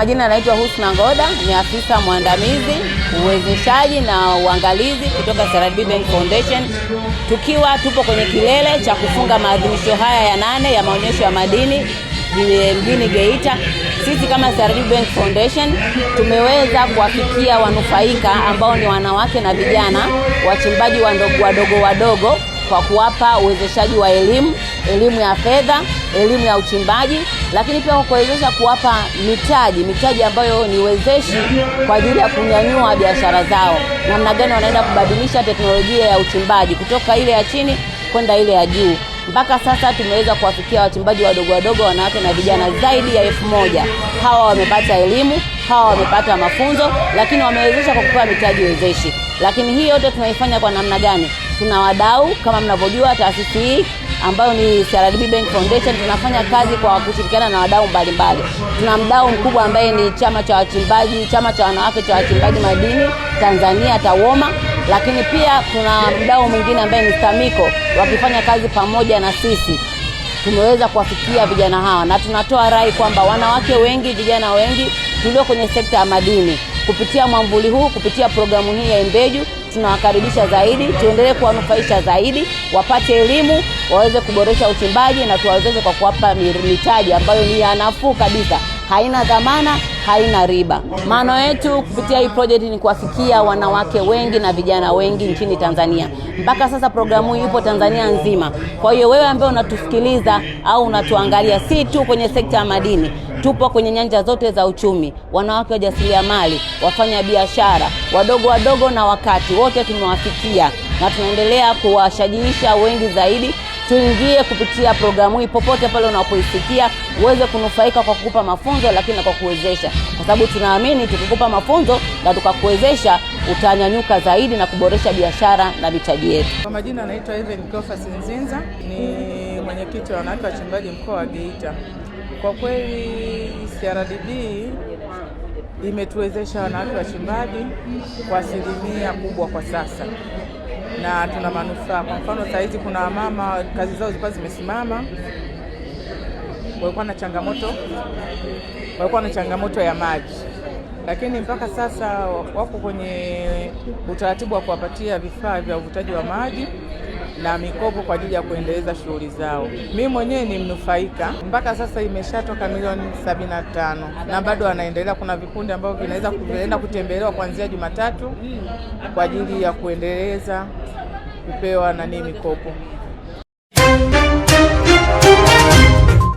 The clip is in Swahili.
Majina anaitwa Husna Ngoda, ni afisa mwandamizi uwezeshaji na uangalizi kutoka CRDB Bank Foundation, tukiwa tupo kwenye kilele cha kufunga maadhimisho haya ya nane ya maonyesho ya madini mjini Geita. Sisi kama CRDB Bank Foundation tumeweza kuwafikia wanufaika ambao ni wanawake na vijana wachimbaji wadogo wadogo wadogo kwa kuwapa uwezeshaji wa elimu elimu ya fedha, elimu ya uchimbaji, lakini pia kuwezesha kuwapa mitaji, mitaji ambayo ni wezeshi kwa ajili ya kunyanyua biashara zao, namna gani wanaenda kubadilisha teknolojia ya uchimbaji kutoka ile ya chini kwenda ile ya juu. Mpaka sasa tumeweza kuwafikia wachimbaji wadogo wadogo, wanawake na vijana zaidi ya elfu moja. Hawa wamepata elimu, hawa wamepata mafunzo, lakini wamewezesha kwa kupewa mitaji wezeshi. Lakini hii yote tunaifanya kwa namna gani? Tuna wadau kama mnavyojua, taasisi hii ambayo ni CRDB Bank Foundation. Tunafanya kazi kwa kushirikiana na wadau mbalimbali. Tuna mdau mkubwa ambaye ni chama cha wachimbaji, chama cha wanawake cha wachimbaji madini Tanzania TAWOMA, lakini pia kuna mdau mwingine ambaye ni STAMICO. Wakifanya kazi pamoja na sisi tumeweza kuwafikia vijana hawa, na tunatoa rai kwamba wanawake wengi, vijana wengi tulio kwenye sekta ya madini kupitia mwambuli huu, kupitia programu hii ya Embeju tunawakaribisha zaidi, tuendelee kuwanufaisha zaidi, wapate elimu, waweze kuboresha uchimbaji na tuwawezeshe kwa kuwapa mitaji ambayo ni ya nafuu kabisa, haina dhamana haina riba. Maana yetu kupitia hii project ni kuwafikia wanawake wengi na vijana wengi nchini Tanzania. Mpaka sasa programu hii ipo Tanzania nzima. Kwa hiyo wewe ambaye unatusikiliza au unatuangalia, si tu kwenye sekta ya madini Tupo kwenye nyanja zote za uchumi, wanawake wajasiriamali, wafanya biashara wadogo wadogo na wakati wote tumewafikia, na tunaendelea kuwashajiisha wengi zaidi tuingie kupitia programu hii popote pale unapoisikia, uweze kunufaika kwa kukupa mafunzo, lakini na kwa kuwezesha, kwa sababu tunaamini tukikupa mafunzo na tukakuwezesha utanyanyuka zaidi na kuboresha biashara na mitaji yetu. Kwa majina anaitwa Even Kofa Sinzinza, ni mwenyekiti wa wanawake wachimbaji mkoa wa Geita. Kwa kweli CRDB imetuwezesha wanawake wachimbaji kwa asilimia kubwa kwa sasa na tuna manufaa. Kwa mfano, saa hizi kuna wamama kazi zao zilikuwa zimesimama, walikuwa na changamoto walikuwa na changamoto ya maji, lakini mpaka sasa wako kwenye utaratibu wa kuwapatia vifaa vya uvutaji wa maji na mikopo kwa ajili ya kuendeleza shughuli zao. Mimi mwenyewe ni mnufaika, mpaka sasa imeshatoka milioni 75 na bado anaendelea. Kuna vikundi ambavyo vinaweza kuenda kutembelewa kuanzia Jumatatu kwa ajili ya kuendeleza kupewa nani mikopo.